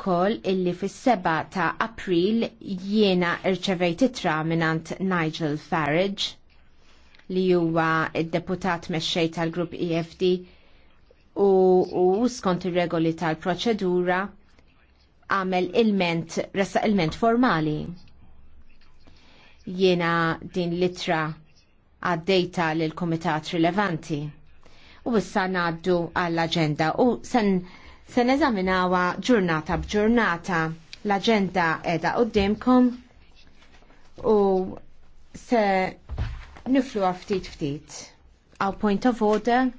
ukoll illi fis-7 ta' April jiena irċevejt itra minant Nigel Farage li huwa id-deputat mexxej tal-grupp EFD u, u skont ir-regoli tal-proċedura għamel ilment, ressa ilment formali. Jiena din litra għaddejta l-Komitat Rilevanti. U issa ngħaddu għall-agenda u sen Se neżaminawa ġurnata b'ġurnata l-agenda edha qoddimkom u se niflu ftit ftit. Għaw point of order